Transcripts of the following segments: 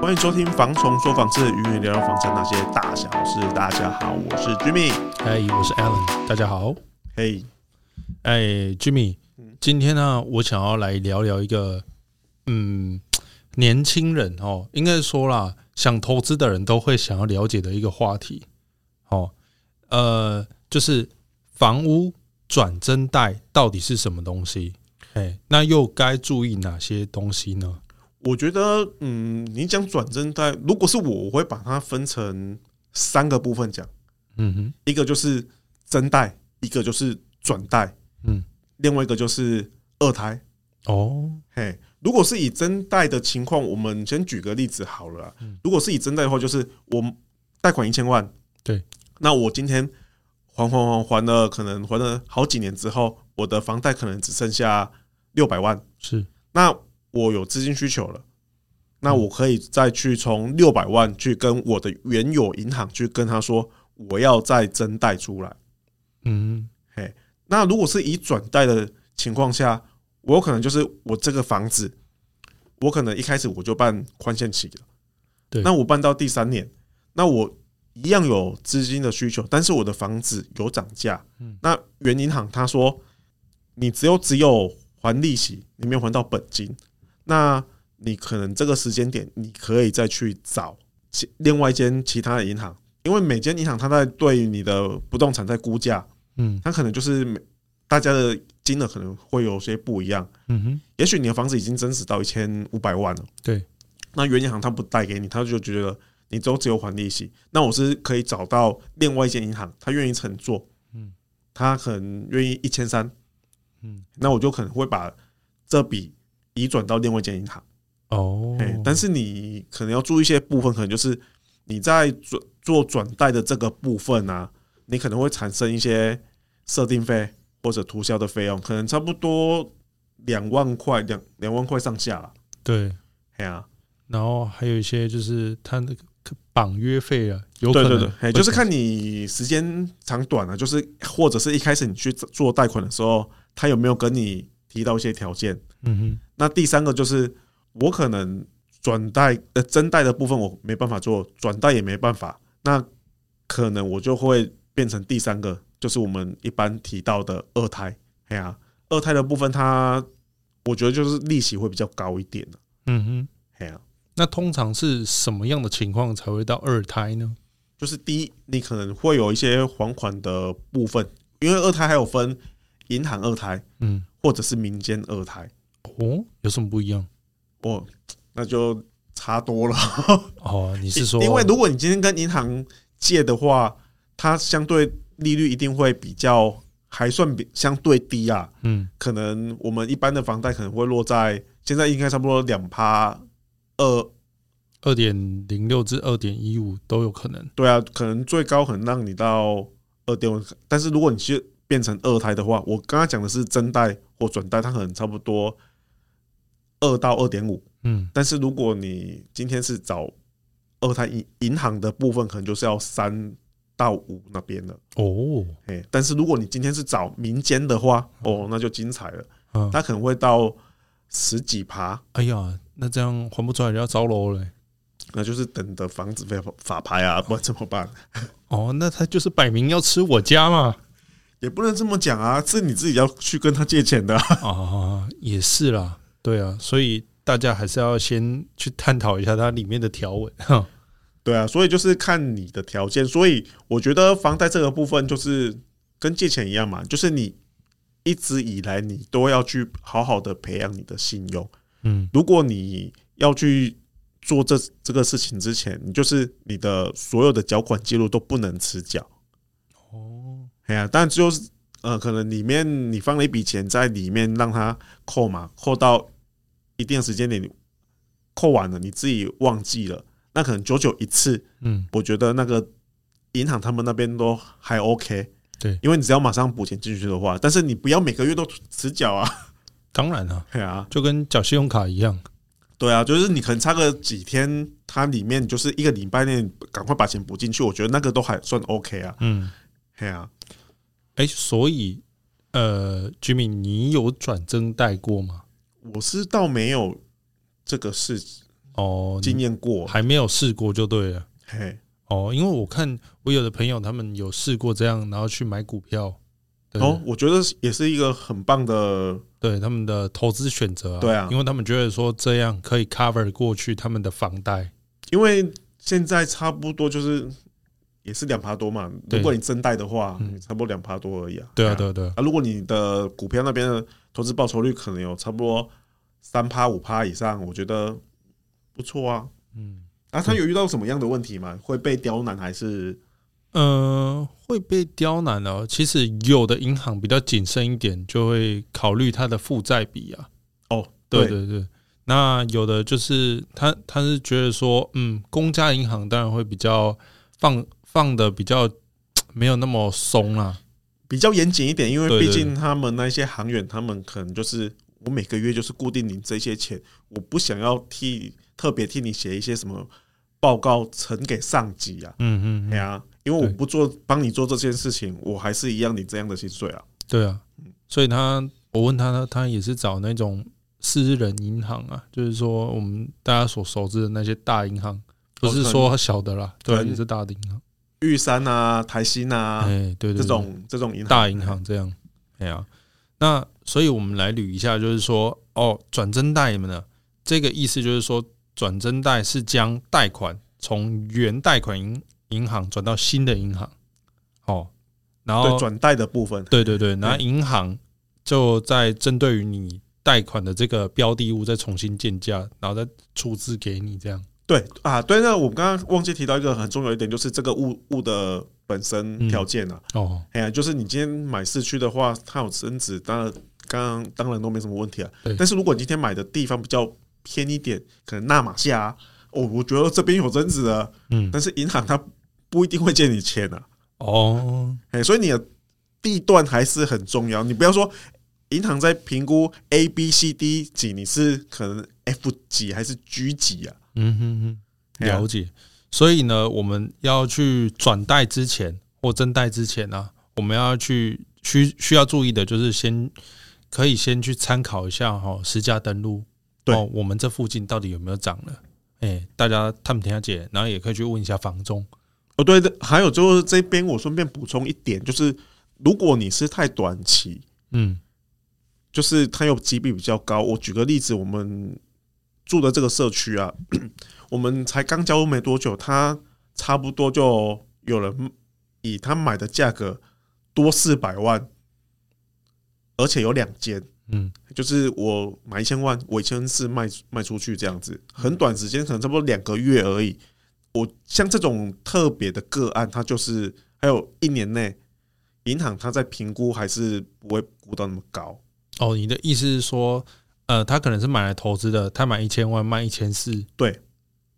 歡迎收聽《房蟲說房事》，與你聊聊房產那些大小事。大家好，我是 Jimmy，嘿，我是 Alan，大家好，嘿，哎，Jimmy，今天呢，我想要來聊聊一個，嗯，年輕人哦，應該說啦，想投資的人都會想要了解的一個話題，哦，呃，就是房屋轉增貸到底是什麼東西？嘿，那又該注意哪些東西呢？我覺得，嗯，你講轉增貸，如果是我，我會把它分成三個部分講，嗯哼，一個就是增貸，一個就是轉貸，嗯，另外一個就是二胎。哦，嘿，如果是以增貸的情況，我們先舉個例子好了啦。嗯，如果是以增貸的話，就是我貸款一千萬，對，那我今天還還還還，還了，可能還了好幾年之後，我的房貸可能只剩下六百萬，是，那。我有資金需求了，那我可以再去從六百萬去跟我的原有銀行去跟他說，我要再增貸出來。嗯，嘿，那如果是以轉貸的情況下，我有可能就是我這個房子，我可能一開始我就辦寬限期了。對，那我辦到第三年，那我一樣有資金的需求，但是我的房子有漲價。嗯，那原銀行他說，你只有只有還利息，你沒有還到本金。那你可能這個時間點，你可以再去找其另外一間其他的銀行，因為每間銀行它在對你的不動產在估價，嗯，它可能就是每大家的金額可能會有些不一樣，嗯哼，也許你的房子已經增值到一千五百萬了，對，那原銀行它不貸給你，他就覺得你都只，只有還利息。那我是可以找到另外一間銀行，他願意承做，嗯，他很願意一千三，嗯，那我就可能會把這筆。移轉到另外一間銀行，哦，但是你可能要注意一些部分，可能就是你在轉做做轉貸的這個部分啊，你可能會產生一些設定費或者塗銷的費用，可能差不多兩萬塊兩兩萬塊上下了。對，哎呀、啊，然後還有一些就是他那個綁約費啊，有可能對對對，就是看你時間長短啊，就是或者是一開始你去做貸款的時候，他有沒有跟你。提到一些條件，嗯哼，那第三個就是我可能轉貸呃增貸的部分我沒辦法做，轉貸也沒辦法，那可能我就會變成第三個，就是我們一般提到的二胎，哎呀、啊，二胎的部分它我覺得就是利息會比較高一點，嗯哼，哎呀、啊，那通常是什麼樣的情況才會到二胎呢？就是第一，你可能會有一些還款的部分，因為二胎還有分。銀行二胎，嗯，或者是民間二胎，哦，有什麼不一樣？哦，oh，那就差多了。 哦，你是說，因為如果你今天跟銀行借的話，它相對利率一定會比較還算比相對低啊。嗯，可能我們一般的房貸可能會落在現在應該差不多兩趴二二點零六至二點一五都有可能。對啊，可能最高可能讓你到二點五，但是如果你去變成二胎的話，我剛剛講的是增貸或轉貸，它可能差不多二到二點五，嗯。但是如果你今天是找二胎銀銀行的部分，可能就是要三到五那邊了。哦，哎。但是如果你今天是找民間的話，哦，那就精彩了。嗯，他可能會到十幾趴。哦、哎呀，那這樣還不出來就要着樓了，那就是等著房子被法拍啊、哦，不然怎麼辦？哦，那他就是擺明要吃我家嘛。也不能這麼講啊，是你自己要去跟他借錢的啊，啊，也是啦，對啊，所以大家還是要先去探討一下它裡面的條文，對啊，所以就是看你的條件，所以我覺得房貸這個部分就是跟借錢一樣嘛，就是你一直以來你都要去好好的培養你的信用，嗯，如果你要去做這這個事情之前，你就是你的所有的繳款記錄都不能遲繳。哎呀，但就是呃，可能裡面你放了一筆錢在裡面，讓它扣嘛，扣到一定時間點你扣完了，你自己忘記了，那可能久久一次。嗯，我覺得那個銀行他們那邊都還 OK。對，因為你只要馬上補錢進去的話，但是你不要每個月都遲繳啊。當然了，啊，對啊，就跟繳信用卡一樣。對啊，就是你可能差個幾天，它裡面就是一個禮拜內趕快把錢補進去，我覺得那個都還算 OK 啊。嗯，對啊。哎、欸，所以，呃，Jimmy，你有轉增貸過嗎？我是倒沒有這個事哦，經驗過還沒有試過就對了。嘿，哦，因為我看我有的朋友他們有試過這樣，然後去買股票對。哦，我覺得也是一個很棒的對他們的投資選擇、啊。對啊，因為他們覺得說這樣可以 cover 過去他們的房貸，因為現在差不多就是。也是兩趴多嘛？如果你增貸的話，嗯，差不多兩趴多而已啊。對啊，對啊對，啊對，啊對啊。啊，如果你的股票那邊的投資報酬率可能有差不多三趴五趴以上，我覺得不錯啊。嗯。啊，他有遇到什麼樣的問題嗎？嗯？會被刁難還是？呃，會被刁難哦。其實有的銀行比較謹慎一點，就會考慮它的負債比啊。哦對，對對對。那有的就是他他是覺得說，嗯，公家銀行當然會比較放，放的比較沒有那麼鬆啦，比較嚴謹一點，因為畢竟他們那些行員，他們可能就是，我每個月就是固定領這些錢，我不想要替特別替你寫一些什麼報告呈給上級啊。嗯嗯，對啊，因為我不做幫你做這件事情，我還是一樣你這樣的薪水啊，對啊，所以他我問他他他也是找那種私人銀行啊，就是說我們大家所熟知的那些大銀行，不是說小的啦，哦、對、啊、也是大的銀行。玉山吶、啊，台新吶、啊，哎、欸，對對，對對，這種這種銀行大銀行這樣，哎、嗯、呀、啊，那所以我們來捋一下，就是說，哦，轉增貸什麼呢？這個意思就是說，轉增貸是將貸款從原貸款銀銀行轉到新的銀行，哦，然後對轉貸的部分，對對對，那銀行就在針對於你貸款的這個標的物再重新鑑價，然後再出資給你這樣。對啊，對那我剛剛忘記提到一個很重要一點，就是這個物物的本身條件啊。嗯、哦，哎、啊，就是你今天買市區的話，它有增值，當然剛剛當然都沒什麼問題啊。但是如果你今天買的地方比較偏一點，可能那瑪夏、哦，我覺得這邊有增值啊。嗯，但是銀行它不一定會借你錢的、啊。哦，哎、嗯，所以你的地段還是很重要，你不要說。銀行在評估 A、B、C、D 級，你是可能 F 級還是 G 級啊？嗯哼哼，了解、啊。所以呢，我們要去轉貸之前或增貸之前呢、啊，我們要去需需要注意的就是先，先可以先去參考一下哈、哦，實價登錄，對、哦，我們這附近到底有沒有漲了？哎、欸，大家探聽一下，然後也可以去問一下房仲。哦，對的，還有就是這邊我順便補充一點，就是如果你是太短期，嗯。就是它有級別比，比較高。我舉個例子，我們住的這個社區啊，我們才剛交屋沒多久，它差不多就有人以他買的價格多四百萬，而且有兩間。嗯，就是我買一千萬，我一千四賣賣出去這樣子。很短時間，可能差不多兩個月而已。我像這種特別的個案，它就是還有一年內，銀行它在評估還是不會估到那麼高。哦，你的意思是說，呃，他可能是買來投資的，他買一千萬，賣一千四，對，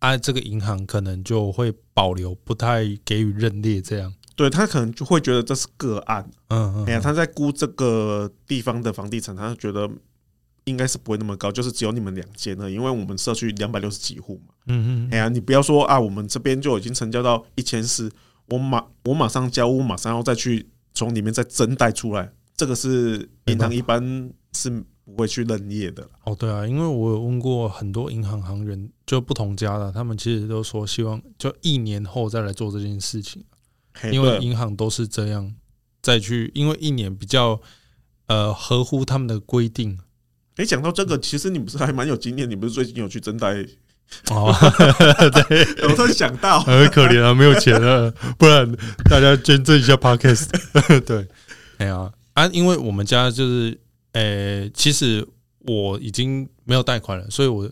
啊，這個銀行可能就會保留，不太給予認列這樣，對，他可能就會覺得這是個案，嗯嗯，哎呀，他在估這個地方的房地產，他就覺得應該是不會那麼高，就是只有你們兩間了，因為我們社區兩百六十幾戶嘛，嗯哼嗯哼，哎呀，你不要說啊，我們這邊就已經成交到一千四，我馬我馬上交屋，馬上要再去從裡面再增貸出來。這個是銀行一般是不會去認業的哦。Oh, 對啊，因為我有問過很多銀行行員，就不同家的，他們其實都說希望就一年後再來做這件事情，hey、因為銀行都是這樣再去，因為一年比較呃合乎他們的規定。哎、欸，講到這個，其實你不是還蠻有經驗，你不是最近有去增貸哦？Oh, 對，我 突然想到很可憐啊，沒有錢啊， 不然大家捐贈一下 Podcast 對，哎呀、啊啊，因為我們家就是，誒、欸，其實我已經沒有貸款了，所以我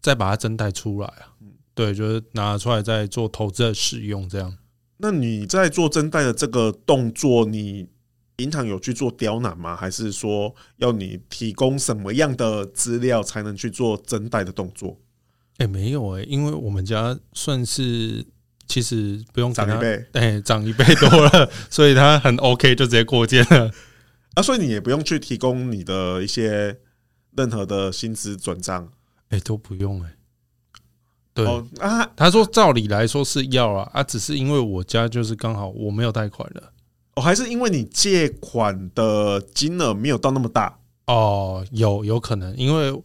再把它增貸出來啊。對，就是拿出來再做投資的使用，這樣。那你在做增貸的這個動作，你銀行有去做刁難嗎？還是說要你提供什麼樣的資料才能去做增貸的動作？誒、欸，沒有誒、欸，因為我們家算是。其實不用漲一倍，哎、欸，漲一倍多了， 所以他很 OK，就直接過件了。啊，所以你也不用去提供你的一些任何的薪資轉賬，哎、欸，都不用哎、欸。對、哦、啊，他說照理來說是要啊，啊，只是因為我家就是剛好我沒有貸款了，哦，還是因為你借款的金額沒有到那麼大哦，有有可能，因為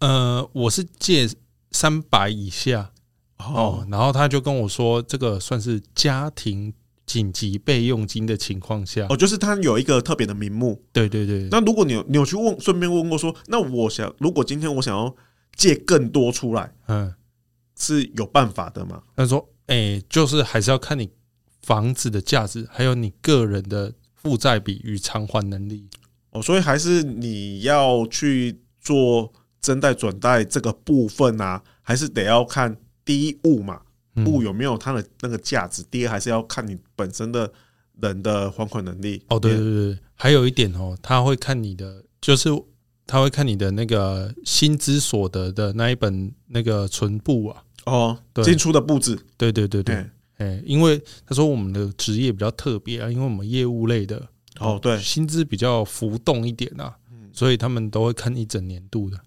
呃，我是借三百以下。哦，哦，哦，然後他就跟我說，這個算是家庭緊急備用金的情況下，哦，就是他有一個特別的名目，對對對、對。那如果你有你有去問，順便問過說，那我想如果今天我想要借更多出來，嗯，是有辦法的嗎？他說，哎、欸，就是還是要看你房子的價值，還有你個人的負債比與償還能力。哦，所以還是你要去做增貸轉貸這個部分啊，還是得要看。第一物嘛、嗯，物有沒有它的那個價值？第二還是要看你本身的人的還款能力。哦，對對對、對，還有一點哦，他會看你的，就是他會看你的那個薪資所得的那一本那個存簿啊。哦，進出的布置。對對對對，哎，因為他說我們的職業比較特別啊，因為我們業務類的，哦對，薪資比較浮動一點啊，所以他們都會看一整年度的。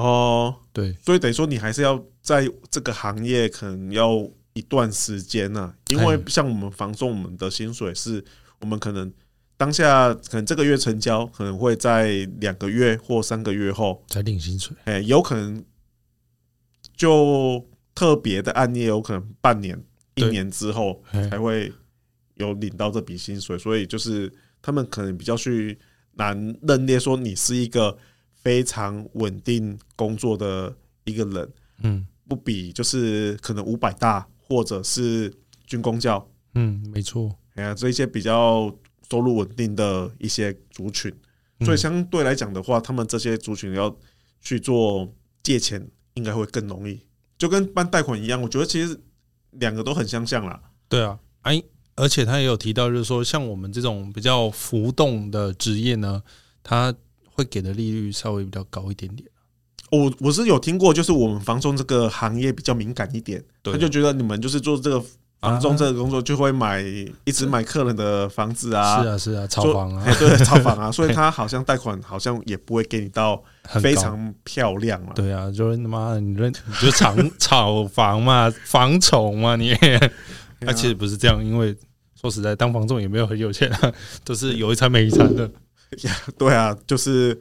哦、oh，對，所以等於說你還是要在這個行業可能要一段時間呢，因為像我們房仲，我們的薪水是，我們可能當下可能這個月成交，可能會在兩個月或三個月後才領薪水，哎、欸，有可能就特別的案例，有可能半年、一年之後才會有領到這筆薪水，所以就是他們可能比較去難認定說你是一個。非常穩定工作的一個人，嗯，不比就是可能五百大或者是軍公教，嗯，沒錯，哎呀、啊，這一些比較收入穩定的一些族群，所以相對來講的話、嗯，他們這些族群要去做借錢，應該會更容易，就跟辦貸款一樣。我覺得其實兩個都很相像啦。對啊，哎，而且他也有提到，就是說像我們這種比較浮動的職業呢，他。會給的利率稍微比較高一點點。我，oh, 我是有聽過，就是我們房仲這個行業比較敏感一點，啊，他就覺得你們就是做這個房仲這個工作，就會買一直買客人的房子啊，是啊是啊。炒、啊、房啊，啊，對，炒房啊， 所以他好像貸款好像也不會給你到非常漂亮嘛。對啊，就是他媽，你認你就炒炒 房嘛，房蟲嘛，你，那、 啊啊，其實不是這樣，因為說實在，當房仲也沒有很有錢，啊，都，就是有一餐沒一餐的。Yeah, 對啊，就是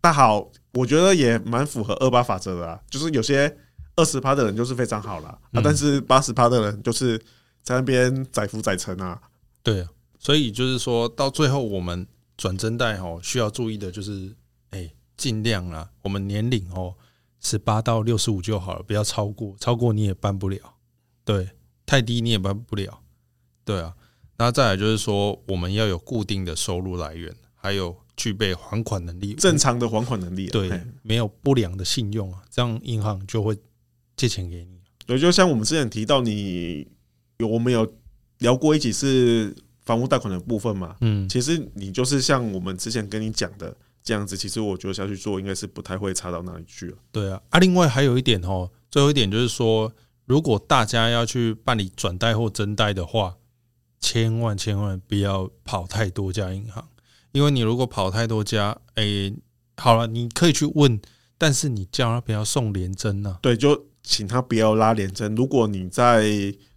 大好，我覺得也蠻符合二八法則的啦，就是有些二十趴的人就是非常好啦，嗯、啊，但是八十趴的人就是在那邊載浮載沉啊。對啊，所以就是說到最後，我們轉增貸哦，需要注意的就是，哎、欸，盡量啦，我們年齡哦，十八到六十五就好了，不要超過，超過你也辦不了。對，太低你也辦不了。對啊，那再來就是說，我們要有固定的收入來源。還有具備還款能力，正常的還款能力、啊，對，沒有不良的信用啊，這樣銀行就會借錢給你。對，就像我們之前提到你，你有我們有聊過一集是房屋貸款的部分嘛？嗯，其實你就是像我們之前跟你講的這樣子，其實我覺得下去做應該是不太會差到哪裡去了。對啊，啊，另外還有一點哦，最後一點就是說，如果大家要去辦理轉貸或增貸的話，千萬千萬不要跑太多家銀行。因為你如果跑太多家，哎、欸，好了，你可以去問，但是你叫他不要送聯徵呢？對，就請他不要拉聯徵。如果你在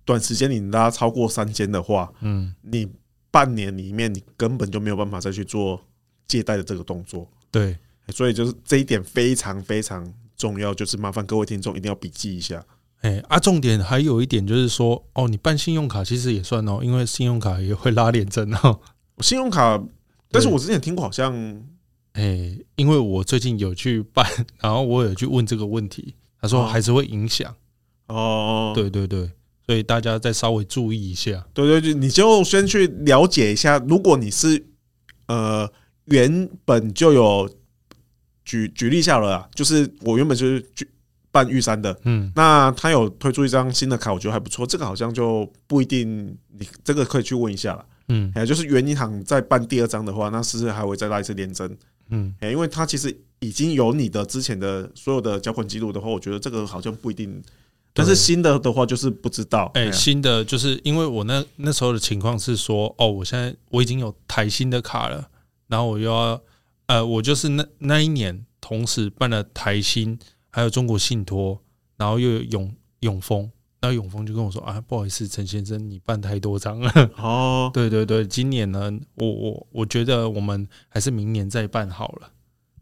短時間你拉超過三間的話，嗯，你半年裡面你根本就沒有辦法再去做借貸的這個動作。對，所以就是這一點非常非常重要，就是麻煩各位聽眾一定要筆記一下。哎、欸、啊，重點還有一點就是說，哦，你辦信用卡其實也算哦，因為信用卡也會拉聯徵哦，信用卡。但是我之前聽過，好像、欸，誒，因為我最近有去辦，然後我有去問這個問題，他說還是會影響，哦，對對對，所以大家再稍微注意一下，對對，對，你就先去了解一下，如果你是呃原本就有舉舉例下了，啦，就是我原本就是舉辦玉山的，嗯，那他有推出一張新的卡，我覺得還不錯，這個好像就不一定，你這個可以去問一下啦。嗯，哎，就是原銀行再辦第二張的話，那是不是還會再來一次聯徵？嗯，哎，因為它其實已經有你的之前的所有的繳款記錄的話，我覺得這個好像不一定，但是新的的話就是不知道，哎，哎，新的就是因為我那那時候的情況是說，哦，我現在我已經有台新的卡了，然後我又要，呃，我就是那那一年同時辦了台新還有中國信託，然後又有永永豐。然後永豐就跟我說啊，不好意思，陳先生，你辦太多張了。哦， 對對對，今年呢，我我我覺得我們還是明年再辦好了。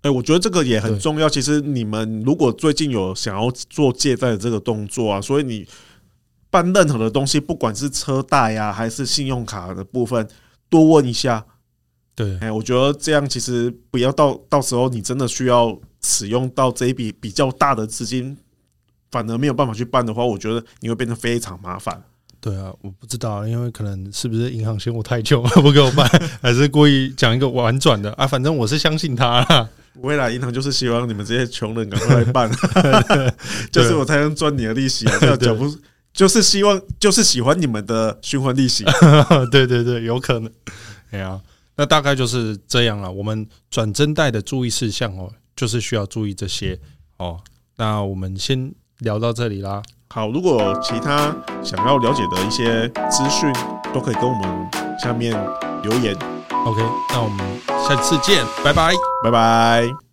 哎、欸，我覺得這個也很重要。其實你們如果最近有想要做借貸的這個動作啊，所以你辦任何的東西，不管是車貸呀、啊、還是信用卡的部分，多問一下。對，哎、欸，我覺得這樣其實不要到到時候你真的需要使用到這一筆比較大的資金。反而沒有辦法去辦的話，我覺得你會變得非常麻煩。對啊，我不知道，因為可能是不是銀行嫌我太窮不給我辦， 還是故意講一個婉轉的啊？反正我是相信他啦，未來銀行就是希望你們這些窮人趕快來辦， 對對對 就是我才能賺你的利息。對,對,對,對，不就是希望，就是喜歡你們的循環利息。對對對，有可能。對呀、啊，那大概就是這樣了。我們轉增貸的注意事項哦、喔，就是需要注意這些哦、嗯喔。那我們先。聊到這裡啦，好，如果有其他想要了解的一些資訊，都可以跟我們下面留言，OK，那我們下次見，嗯、拜拜，拜拜。